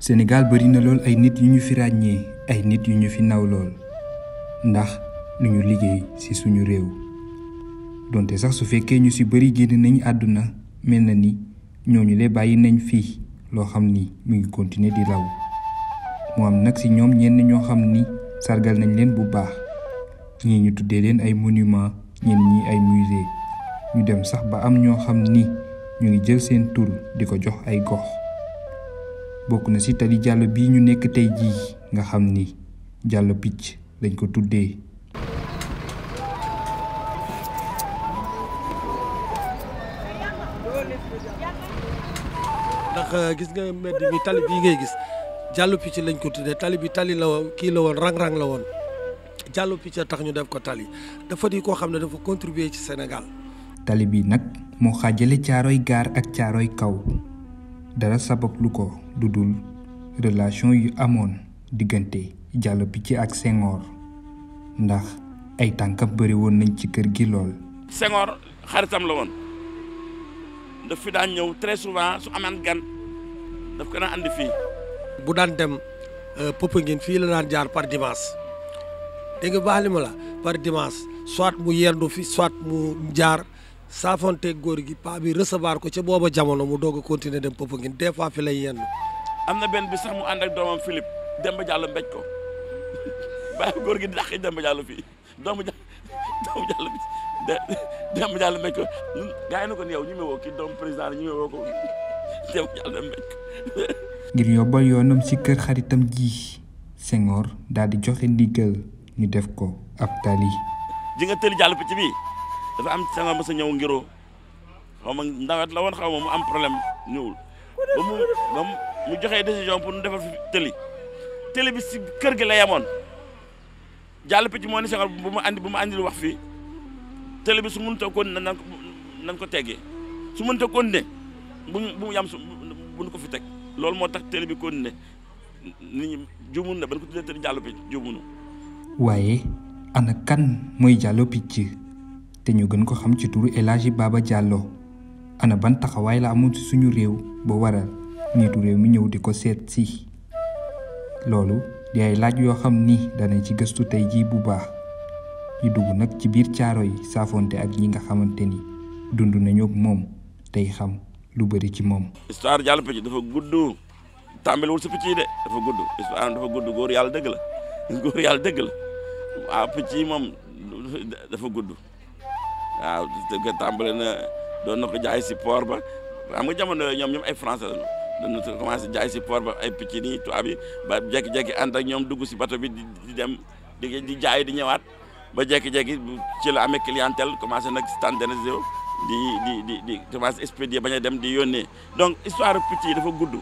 Sénégal bëri na lool ay nit yu ñu fi ràññee ay nit yu ñu fi naw lool ndax lu ñu liggéey ci suñu réew donte sax su fekkee ñu ci bari génn nañu àdduna mel na ni ñooñu le bàyyi nañu fii loo xam ni mu ngi continuer di law mu am nag ci ñoom ñenn ñoo xam ni sargal nañ leen bu baax ñii ñu tuddee leen ay monument ñenn ñi ay musée ñu dem sax ba am ñoo xam ni ñu ngi jël seen tur di ko jox ay gox. bokk na si tali jàll bii ñu nekk tey jii nga xam ni jàll picc lañ ko tuddee ndax gis nga mbedd mi tali bii ngay gis jàll picc lañ ko tuddee tali bi tali la woon kii la woon rang-rang la woon jàll picc tax ñu def ko tali dafa di koo xam ne dafa contribuer ci Sénégal tali bi nag moo xaajale caaroy gaar ak caaroy kaw dara sabab lu ko Dudul relation yu amoon diggante bi ci ak Senghor ndax ay tànkam bëri woon nañ ci kër gi lool. Senghor xaritam la woon daf fi daan ñëw très souvent su amaan gan daf ko daan andi fii. bu daan dem euh, ngeen fii la daan jaar par dimanche dégg nga baax li par dimanche soit mu yendu fi soit mu jaar. saafonteeg góor gi pabi bi recevoir ko ci booba jamono mu doog a continuer dem Popenguine des fois fi lay yenn am na benn bi sax mu ànd ak doomam Philippe Demba Diallo mbéj ko bàyyi góor gi dàq Demba Diallo fii doomu ja doomu bi Demba Diallo mbéj ko gaa yi na ko ni yow ñu woo kii doom président ñu woo ko Demba Diallo mbéj ko ngir yóbbal yoonam ci kër xaritam ji Senghor daal di joxe ndigal ñu def ko ab tali ji nga tëli jàll picc bi dafa am Senghor ma sa ñëw ngiroo xaw ma ndawet la woon xaw ma mu am problème ñëwul mu joxe décision pour nu fi télé télé bi ci kër gi la yemoon jàll picc mo ni Senghor bu ma andi bu ma andi wax fi télé bi su mënta kon ne nan ko nan ko teggee su mënta kon né bu bu yam su bu ñu ko fi teg lool mo tax télé bi kon né nit jumun na ban ko jumunu wayé ana kan mooy Diallo Picc té ñu gën ko xam ci turu Baba Diallo ana ban taxaway la amoon ci suñu réew bo waral njiitu réew mi ñëw di ko seet si loolu di ay laaj yoo xam ni danañ ci gëstu tey jii bu baax ñu dugg nag ci biir caaro yi saafonte ak ñi nga xamante ni dund nañu ak moom tey xam lu bari ci moom. histoire Diallo Péthie dafa gudd tàmbaliwul si picc yi de dafa gudd gudd góor yàlla dëgg la góor yàlla dëgg la waaw picc yi moom dafa gudd waaw dëgg tàmbale na doon na ko jaay si port ba xam nga jamono yooyu ñoom ñoom ay français lañu. dañu commencé jaay si port ba ay picc nii tubaab yi ba jekki-jekki ànd ak ñoom dugg si bato bi di dem di di jaay di ñëwaat ba jekki-jekki ci la amee clientèle commencé nag standardisé di di di di commencé expédier bañ a dem di yónnee donc histoire picc yi dafa gudd.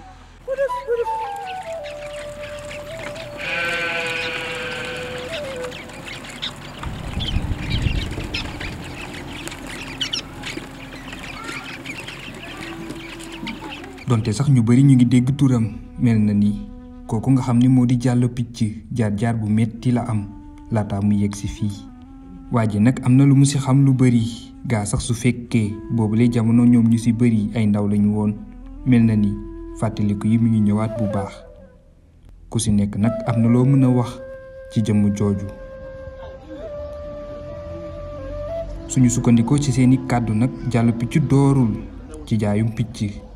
donte sax ñu bari ñu ngi dégg turam mel na ni kooku nga xam ni moo di jàll jaar-jaar bu metti la am laata mu yegg si fii waaje nag am na lu mu si xam lu bari gaa sax su fekkee lay jamono ñoom ñu si bari ay ndaw lañu woon mel na ni fàttaliku yi mu ngi ñëwaat bu baax ku si nekk nag am na loo mën a wax ci jëmm jooju suñu sukkandikoo ci seeni kàddu nag jàll picc doorul ci jaayum picc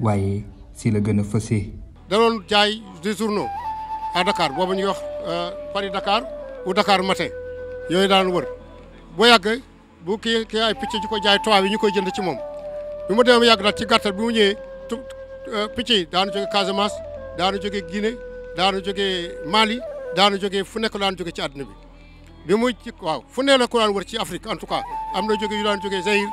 waaye si la gën a fësee. da jaay des journaux à Dakar boobu ñuy wax euh, Paris dakaar u Dakar Matin yooyu daan wër boo yàgg bu ki kii ay picc yi ko jaay tubaab yi ñu koy jënd ci moom bi mu demee yàgg nag ci gàttal bi mu ñëwee euh, picc yi daanu jóge Casamance daanu jóge Guinée daanu jóge Mali daanu joge fu nekk daan jóge ci àdduna bi bi mu waaw fu ne la ko daan wër ci Afrique en tout cas am na jóge yu daan jóge Zaïre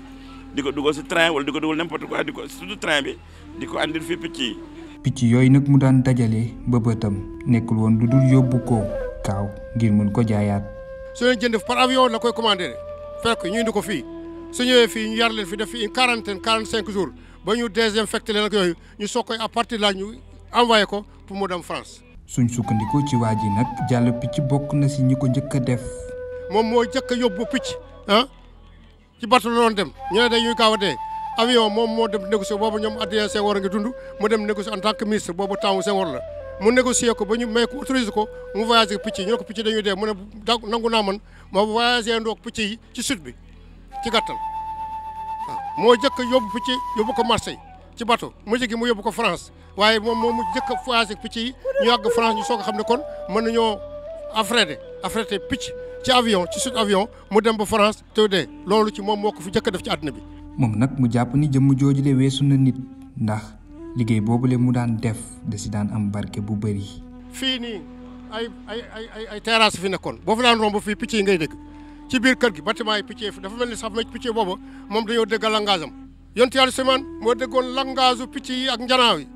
di ko dugal si train wala di ko dugal n'importe quoi di ko surtout train bi di ko andil fi picc yi. picc yooyu nag mu daan dajale ba bëtam nekkul woon du dul yóbbu ko kaaw ngir mun ko jaayaat. su leen jënd par avion la koy commandé fekk ñu indi ko fii su ñëwee fii ñu yar leen fi def fi une quarantaine quarante cinq jours ba ñu fekk leen ak yooyu ñu soog koy à partir de là ñu envoyé ko pour mu dem France. suñ sukkandikoo ci waa ji nag jàll picc bokk na si ñi ko njëkk a def. moom moo njëkk a yóbbu picc ah ci Barcelone dem ñu ne dañuy kaawatee avion moom moo dem négocier boobu ñoom Adrien Senghor a ngi dund mu dem négocier en tant que ministre boobu temps Senghor la mu négocier ko ba ñu may ko autorisé ko mu voyagé picc yi ñu ne ko picc dañuy dee man ma voyagé ndoog picc yi ci sud bi ci gàttal waaw moo jëkk yóbbu picc yóbbu ko Marseille ci bateau mujj gi mu yóbbu ko France waaye moom moom mu jëkk a voyagé picc yi ñu àgg France ñu soog a xam ne kon mën nañoo affrété affrété picc ci avion ci suñu avion mu dem ba France te dee loolu ci moom moo ko fi njëkk def ci àddina bi. moom nag mu jàpp ni jëmm jooju de weesu na nit ndax liggéey boobu boobule mu daan def da daan am barke bu bëri. fii nii ay ay ay ay ay terrasse fi nekkoon boo fa daan romb fii picc yi ngay dégg ci biir kër gi bâtiment yi picc dafa mel ni sax ma piccee boobu moom dañoo dégg langaasam yontu yàlla Suleymaan moo déggoon langaasu picc yi ak njanaaw yi.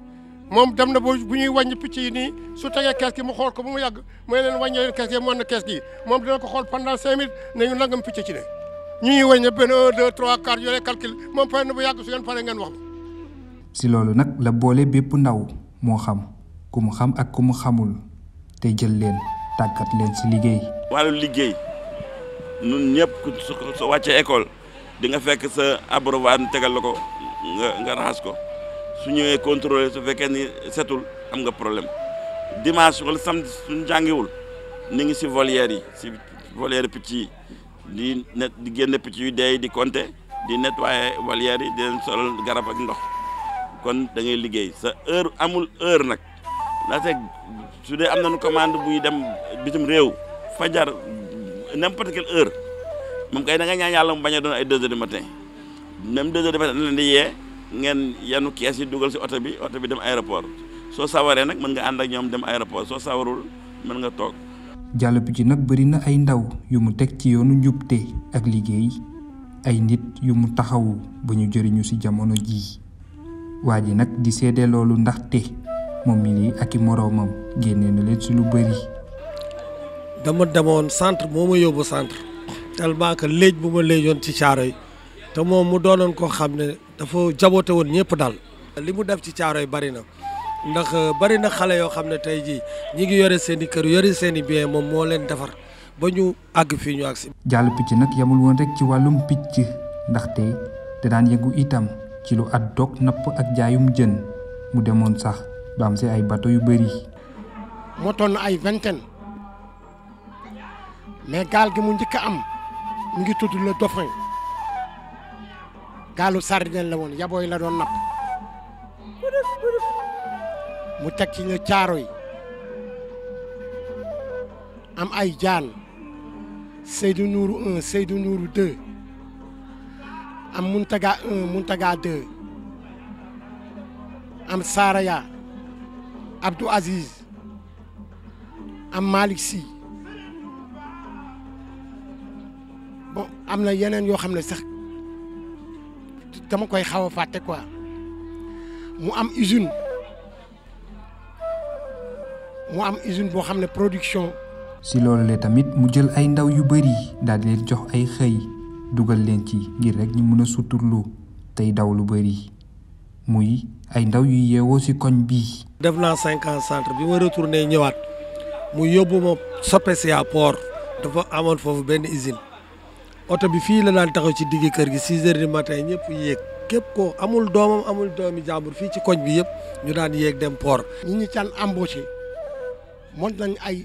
moom dem na bu bu ñuy wàññi picc yi nii su tegee kees gi mu xool ko bu mu yàgg mooy leen wàññee leen kees gi mu wan na kees gi moom dina ko xool pendant cinq minutes ne nangam picc ci ne ñu ñuy wàññi benn un deux trois quatre yore calcul moom pare na bu yàgg su ngeen pare ngeen wax ma si loolu nag la boolee bépp ndaw moo xam ku mu xam ak ku mu xamul te jël leen tàggat leen si liggéey wàllu liggéey nun ñëpp ku su wàccee école di nga fekk sa abreuvoir tegal la ko nga ko su ñëwee contrôlé su fekkee ni setul am ga problème dimanche wala samedi suñu jàngiwul ni ngi si volière yi si volière picc yi di net di génne picc yu dee di compter di nettoyer volière yi di leen garab ak ndox kon da liggéey sa heure amul heure nag ndaxte su dee am na nañu commande buy dem bitim réew fajar n'importe quelle heure moom kay da nga ñaan yàlla mu bañ a doon ay deux heures du matin même deux heures du matin dañ leen di yee ngeen yanu kiasi dugal si auto bi auto bi dem aéroport so sawaré nak mën nga and ak ñom dem aéroport so sawarul mën nga tok jàll bi ci nak bari na ay ndaw yu mu tek ci yoonu ñubté ak liggéey ay nit yu mu taxawu bu ñu jëriñu ci jamono ji waji nak di sédé lolu ndax té mom mi lii ak moromam génné na leen ci lu bari dama demoon centre moma yobu centre tellement que léej buma ma ci charay te moom mu doonoon koo xam ne dafa jaboote woon ñëpp daal. li mu def ci caaro yi bari na ndax euh, bari na xale yoo xam ne tey jii ñi ngi yore seen i kër yore seeni i moom moo leen defar ba ñu àgg fii ñu àgg si. jàll picc nag yamul woon rek ci wàllum picc ndaxte te daan yëgu itam ci lu at dog napp ak jaayum jën mu demoon sax ba am si ay bateau yu bëri. motoon ay vingtaine mais gaal gi mu njëkk a am mu ngi tudd le Dauphin. gaalu sardinel la woon yabooy la doon napp mu teg ci ñu caaro yi am ay jaan Seydou Nourou 1 Seydou Nourou 2 am Muntaga 1 Muntaga 2 am Saraya Abdou Aziz am Malick Sy am na yeneen yoo xam ne sax dama koy xaw a fàtte quoi mu am usine mu am usine boo xam ne production. si loolu la tamit mu jël ay ndaw yu bari daal di leen jox ay xëy dugal leen ci ngir rek ñu mun a suturlu tey daw lu bari muy ay ndaw yu yeewoo ci koñ bii. def naa cinq centre bi ma retourné ñëwaat mu yóbbu ma soppe si à dafa amoon foofu benn usine. oto bi fii la daan taxaw ci digg kër gi 6 heures du matin ñëpp yéeg képp ko amul doomam amul doomi jàmbur fii ci koñ bi yëpp ñu daan yéeg dem port. ñu ñu can embauché mën nañ ay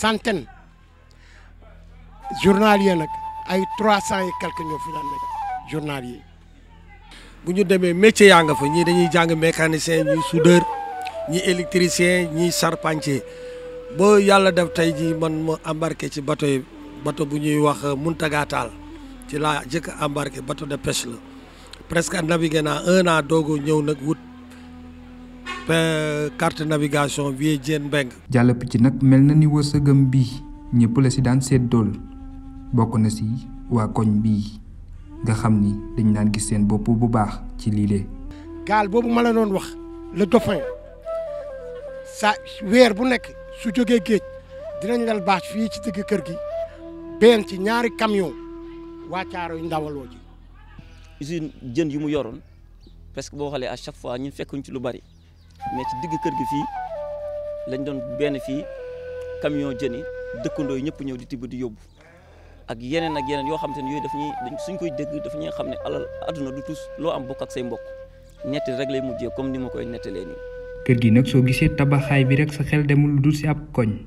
centaine journalier nag ay trois cent et quelque ñoo fi daan nekk journalier. bu ñu demee métier yaa nga ñii dañuy jàng mécanicien ñii soudeur ñii électricien ñii charpentier boo yàlla def tey jii man ma embarqué ci bateau yi. bateau bu ñuy wax Muntaga Tal ci la jëk embarqué bateau de pêche la presque naviguer na 1 an dogo ñew nak wut carte navigation vie Diène beng jàllap ci nak mel na ni wërsëgam bi ñepp la si daan dol bokku na ci wa koñ bi nga xamni dañ nan gis seen bop bu baax ci gal ma la wax le dauphin sa wër bu nek su joggé geej dinañ lal baax fi ci digg kër gi benn ci ñaari camion waa Caaroy ndawaloo ji usine jën yi mu yoroon parce que boo xoolee à chaque fois ñun fekkuñ ci lu bari mais ci digg kër gi fii lañ doon benn fii camion jën dëkkandoo yi ñëpp ñëw di tibb di yóbbu ak yeneen ak yeneen yoo xam te ne yooyu daf suñ koy dégg dafa ñuy xam ne alal adduna du tus loo am bokk ak say mbokk netti rek lay comme ni koy nettalee kër gi nag soo gisee tabaxaay bi rek sa xel demul lu dul si ab koñ.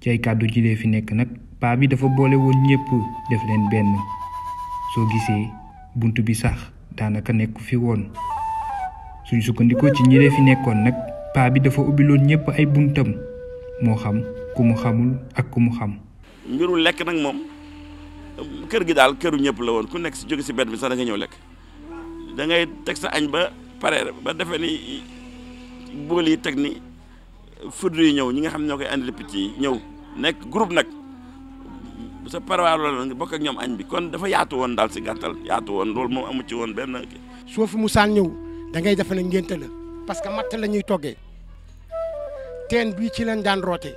ci ay kàddu ji lee fi nekk nag. paa bi dafa boole woon ñépp def leen benn soo gisee buntu bi sax daanaka nekk fi woon suñ sukkandikoo ci ñi fi nekkoon nag paa bi dafa ubbiloon ñépp ay buntam moo xam ku mu xamul ak ku mu xam mbiru lekk nag moom kër gi daal këru ñëpp la woon ku nekk si jóge si bedd bi sax da nga ñëw lekk da ngay teg sa añ ba pare ba defee ni bëggal yi teg ni fudd yi ñëw ñi nga xam ñoo koy andil picc yi groupe nag bu sa parwaar la nga bokk ak ñoom añ bi kon dafa yaatu woon daal si gàttal yaatu woon loolu moom amu ci woon benn kii. soo fi musaan ñëw da defe ne ngénte la parce que matt la ñuy toggee teen bii ci lañ daan roote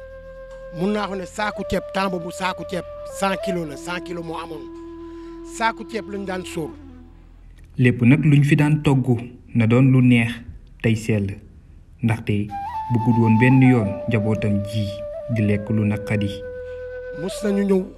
mun naa ko ne saaku ceeb temps bu saaku ceeb 100 kilos la 100 kilos moo amoon saaku ceeb lañ daan sóor. lépp nag lu ñu fi daan togg na doon lu neex tey sell ndaxte bëggul woon benn yoon njabootam ji di lekk lu naqadi. mus nañu ñëw.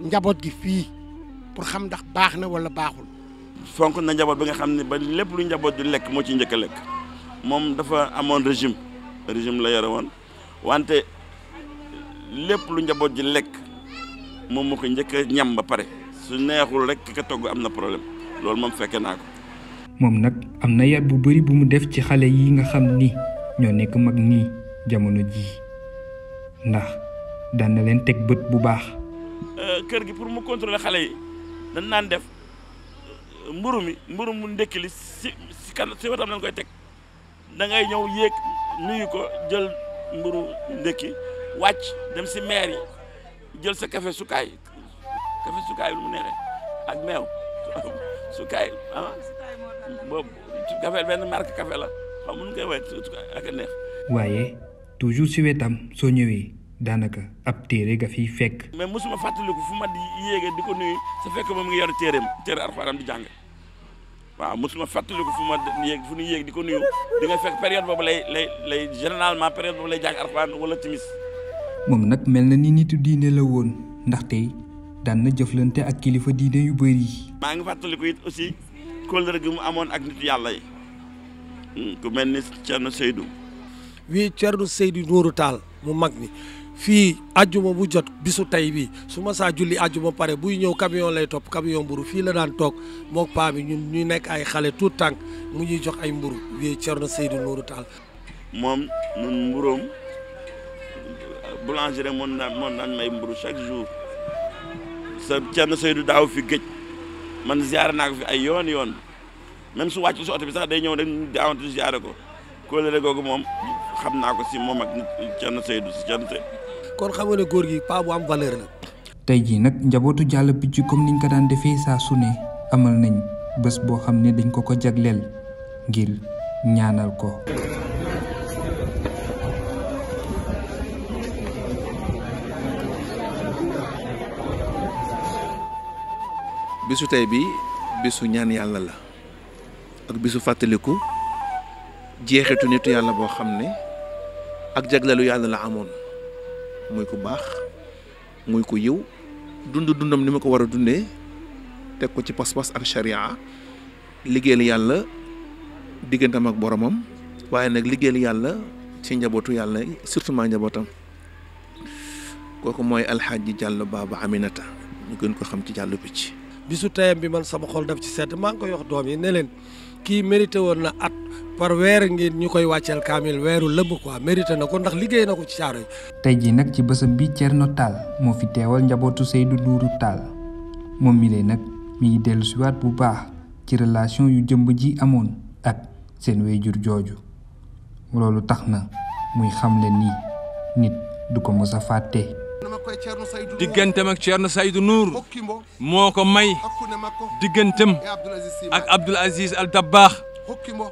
njabot gi fi pour xam ndax baax na wala baxul fonk na njabot bi nga xam ne ba lepp lu njabot di lek mo ci ñëk lek mom dafa amone régime régime la yara won wante lepp lu njabot di lek mom mo ko ñëk ñam ba pare su neexul rek ka togg amna problème lool mom fekke naa ko. moom nag am bu bari bu mu def ci xalé yi nga xam ni ñoo mag ni jamono ji ndax dan na len tek beut bu baax. Euh, kër gi pour mu contrôler xale yi dañ naan def euh, mburu mi mburu mu ndékki si si kan si wetam koy teg da ngay ñëw yéeg nuyu ko jël mburu ndékki wàcc dem si maire yi jël sa café sukaay café sukaay lu mu neexee ak meew sukaay ah benn marque café la xam mun waaye toujours si wetam soo ñëwee daanaka ab téere nga fiy fekk. mais mosuma fàttaliku fu ma di yéegee di ko nuyu su fekkee moom ngi yor téereem téere alxuraan di jàng waaw mosuma fàttaliku fu ma yéeg fu ñuy yéeg di ko nuyu di nga fekk période boobu lay lay lay généralement période boobu lay jàng alxuraan wala timis. moom nag mel na ni nitu diine la woon ndaxte daan na jëflante ak kilifa diine yu bëri yi. maa ngi fàttaliku it aussi kóllëre gi mu amoon ak nitu yàlla yi. Hmm, ku mel ni Thierno Seydou. wii Thierno mu mag mi. fii ajjuma bu jot bisu tey bi su ma saa julli ajjuma pare buy ñëw camion lay topp camion mburu fii la daan toog moo paa bi ñun ñu nekk ay xale tout tànk mu ñuy jox ay mburu yooyu Cerno Seydou Nourou Tall moom ñun mburoom boulangerie moom daan moom daan may mburu chaque jour sa Cerno Seydou daaw fi géej man ziare naa ko fi ay yoon yoon même su wàcc su oto bi sax day ñëw rek daawante ziare ko kóolare googu moom xam naa ko si moom ak Cerno Seydou si Cerno Seydou kon xamone ne góor gi paa bu am valeur la tay ji nak njabotu jàll picc comme niñ ko daan defé sa suné amal nañ bës bo xamné ne dañ ko ko jaglél ngir ñaanal ko bisu tay bi bisu ñaan yalla la ak bisu fateliku jeexitu nitu yalla bo xam ne ak jaglalu yalla la amone muy ku baax muy ko yiw dund dundam ni ma ko war a dundee teg ko ci pas-pas ak sharia liggéeyal yàlla diggantam ak boromam waaye nag liggéeyal yàlla ci njabootu yàlla surtout maa njabootam kooku mooy alxaaji Diallo Baba Aminata ñu gën ko xam ci Diallo Picc bisu tayam bi man sama xol daf ci sedd maa ngi koy doom yi ne leen kii mérité at par weer ngeen ñu koy wàcceel kaamil weeru lëmm quoi mérité na ko ndax liggéey na ko ci caaro yi. tey jii nag ci bésam bi Thierno Tall moo fi teewal njabootu Seydou Nourou taal moom mi lay nag mi ngi dellu siwaat bu baax ci relation yu jëmb ji amoon ak seen wéyjur jooju loolu tax na muy xamle ni nit du ko mos a fàtte. digganteem ak Thierno Seydou Nourou moo ko may digganteem ak Abdoul Aziz Al Dabakh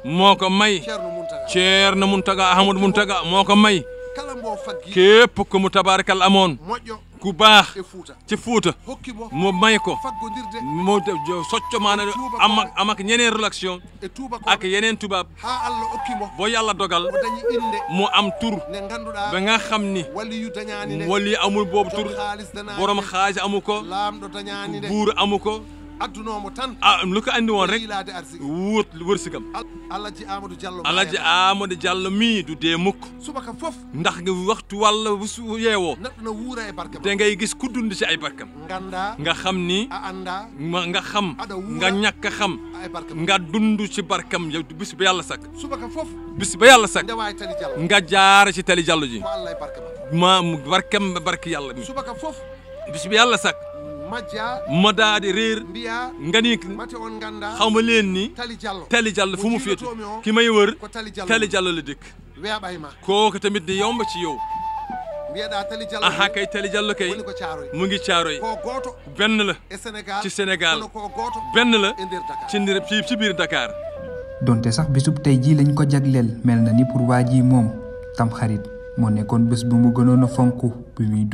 moko may cierno muntaga ahmad muntaga moko may kep ko mu tabarakal amon ku bax e ci fouta mo may ko mo amak amak ñeneen relation ak yeneen e bo yalla dogal mo am tour ba nga xamni wali amul bob tur borom xaalis amuko, bur amuko addunomo tan mi ko andi won rek wut wërsëgam alaji amadou diallo alaji amadou diallo mi du dee mukk subaka fof ndax nga waxtu walla yeewoo neɗɗo no wuura e barkam te ngay gis ku dund ci ay barkam ganda nga xam ni a anda nga xam nga ñàkk xam nga dund ci barkam yow bis ba yàlla sak. subaka fof bis ba yàlla sakk nga jaar ci tali diallo ji ma barkam barke yàlla mi subaka fof bis ba yàlla sakk ma daadi réer nga ni xawma leen ni tali jàll fu mu féete ki may tali jàll la dëkk kooku tamit di yomb ci yow aha kay tali jàll kay mu ngi caaro yi benn la e ci Sénégal la ci ci Dakar donte sax bisub tey jii lañ ko jagleel mel ni pour ji tam xarit moo nekkoon bés bu mu gënoon a fonk bi muy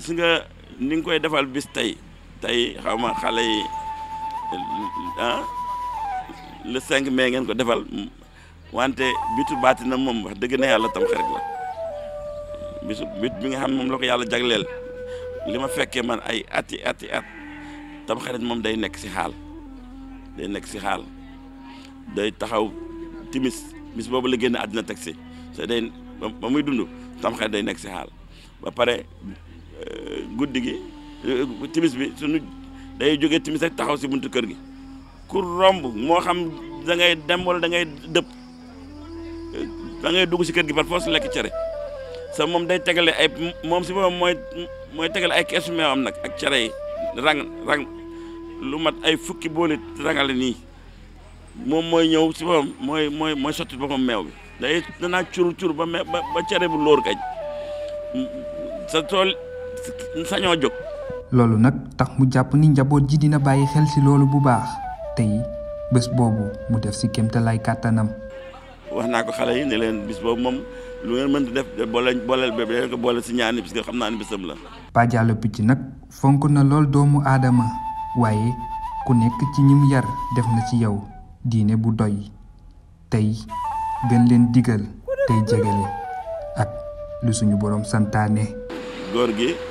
gis nga ni nga koy defal bis tey tey xaw ma xale yi ah le 5 mai ngeen ko defal wante bitu baati na moom wax dëgg na yàlla tam xarit la bisu bi nga xam moom la ko yàlla jagleel li ma fekkee man ay ati ati at tam xarit moom day nekk si xaal day nekk si xaal day taxaw timis bis boobu la génn àddina teg si so day ba muy dund tam xarit day nekk si xaal ba pare guddi gi euh, timis bi suñu day jógee timis rek taxaw si buntu kër gi ku romb moo xam da ngay dem wala da ngay dëpp da dugg si kër gi par si lekk cere sa moom day tegale ay moom si moom mooy mooy tegale ay keesu meew nag ak cere yi rang lu mat ay fukki boole rangale nii moom mooy ñëw si boppam mooy mooy mooy sotti boppam meew bi day danaa curu curu ba me ba cere bu lóor kañ sañoo jóg loolu nag tax mu jàpp ni njaboot ji dina bàyyi xel si loolu bu baax tey bés boobu mu def si kémtalaay kàttanam wax naa ko xale yi ne leen bis boobu moom lu ngeen mën def boole booleel bébé leen ko boole si ñaani parce que xam naa ni bisam la pajalo picc nag fonk na lool doomu aadama waaye ku nekk ci ñim yar def na ci yow diine bu doy tey gën leen digal tey jegele ak lu suñu borom santaane góor gi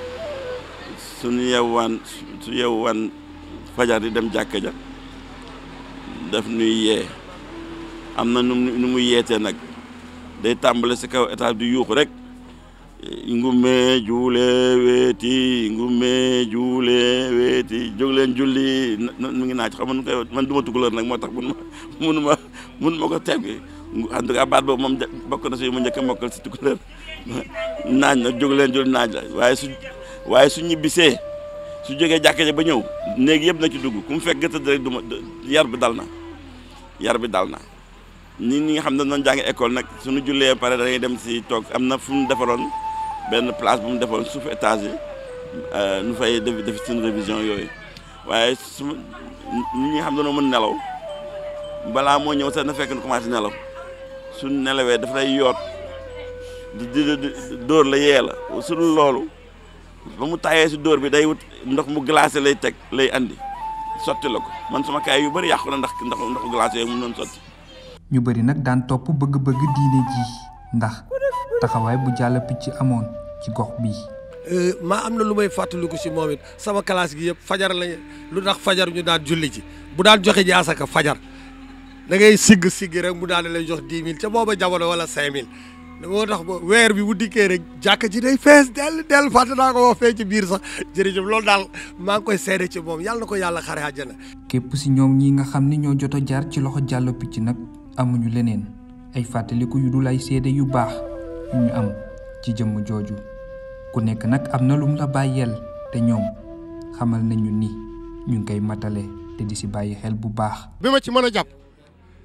suñu yewwan su yewwan fajar di dem jakka ja def nuy yee amna nu nu mu yete nak day tàmbale ci kaw état du yuuxu rek ngumé juule wéti ngumé juule wéti jóg leen julli mu ngi naaj xam koy man duma tukulóor nak motax tax mun ma mun ma mun ko teggi en tout cas baat bo mom bokk na si mu ñëk mokal ci si naaj nag jóg la waye su waaye su ñibbisee su jógee jàkka ja ba ñëw néeg yëpp na ci dugg ku mu fekk gëtëd rek du ma yar bi dal na yar bi dal na nit ñi nga xam ne dañu jàng école nag suñu jullee pare dañuy dem si toog am na fu mu defaroon benn place bu mu defoon suuf étage yi euh, nu fay def def seen révision yooyu waaye su ñi nga xam ne dañoo mën nelaw balaa moo ñëw sax na fekk nu commencé nelaw su nelawee daf lay yoot di di dóor la yee la su dul loolu ba mu tayee si dóor bi day wut ndox mu glacé lay teg lay andi sotti la ko man sama kaay yu bari yàqu na ndax ndax ndoxu glacé yooyu mu doon sotti. ñu bëri nag daan topp bëgg-bëgg diine ji ndax taxawaay bu jàll picc amoon ci gox bi euh, maa am na lu may fàttaliku si moom it sama classe gi yëpp fajar lañ lu ndax fajar ñu daan julli ji bu daan joxe ji asaka fajar da ngay sigg sigg rek mu daal di lay jox dix mille ca booba jamono wala cinq mille moo tax ba weer bi bu dikkee rek jàkk ji day fees dell dell fàtte naa ko wax fee ci biir sax jërëjëf loolu daal maa ngi koy seede ci moom yàlla ko yàlla xare képp si ñoom ñi nga xam ne joto jar, a jaar ci loxo jàllo picc nag amuñu leneen ay fàttaliku yu dul ay yu ñu am ci jëmm jooju ku nekk nag am tenyom, lum la bàyyeel te ñoom xamal nañu ni ñu ngi matale di si bàyyi xel bu baax bi ci mën a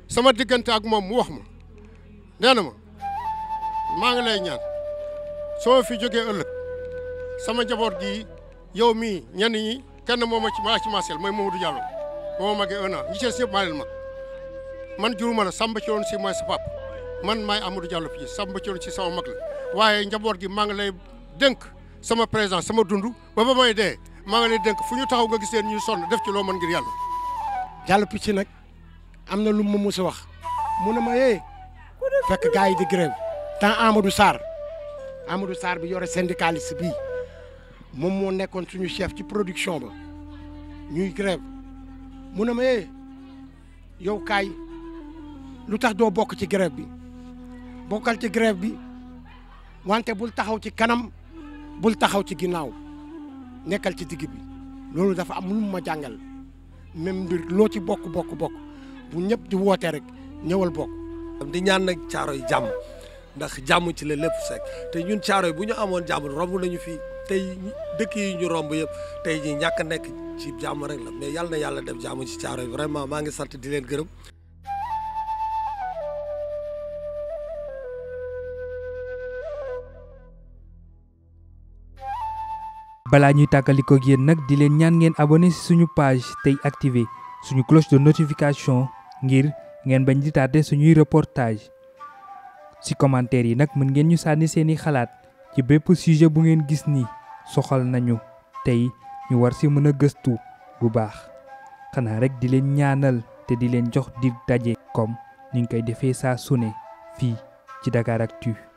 sama diggante ak moom mu wax ma ma maa ngi lay ñaan soo fi jógee ëllëg sama njaboot gi yow mii ñenn ñi kenn moo ma ci maa ci maaseel mooy Mamadou Diallo moo ma magee un an ñi ci des ñëpp mag man juruma la Samba Thione si mooy sa pap man maay Amadou Diallo fii Samba Thione si sama mag la waaye njaboot gi maa ngi lay dénk sama présence sama dund ba ba may dee maa ngi lay dénk fu ñu taxaw nga giseen leen ñu sonn def ci man mën ngir yàlla. Diallo ci nag am na lu mu mës wax mu ne ma yee eh, fekk gars yi di temps Amadou Sarr Amadou Sarr bi yore syndicaliste bii moom moo nekkoon suñu seef ci production ba ñuy grève mu ne ma eh yow kaay lu tax doo bokk ci grève bi bokkal ci grève bi wante bul taxaw ci kanam bul taxaw ci ginnaaw nekkal ci digg bi loolu dafa am lu ma jàngal même mbir loo ci bokk bokk bokk bu ñëpp di wootee rek ñëwal bokk. di ñaan nag caaro yi jàmm. ndax jàmm ci la lépp sekk te ñun caaro yi bu ñu amoon jàmm romb nañu fii tey dëkk yi ñu romb yëpp tey ñi ñàkk nekk ci jàmm rek la mais yàlla na yàlla def jàmm ci caaro yi vraiment maa ngi sant di leen gërëm. balaa ñuy tàggalikoo ak yéen nag di leen ñaan ngeen abonné suñu page tey activé suñu cloche de notification ngir ngeen bañ di tardé suñuy reportage ci commentaire yi nag mën ngeen ñu sànni seeni xalaat ci bépp sujet bu ngeen gis ni soxal nañu tey ñu war ci mën a gëstu bu baax xanaa rekk di leen ñaanal te di leen jox di daje kom ni ñu koy defee saa su fii ci Dakaractu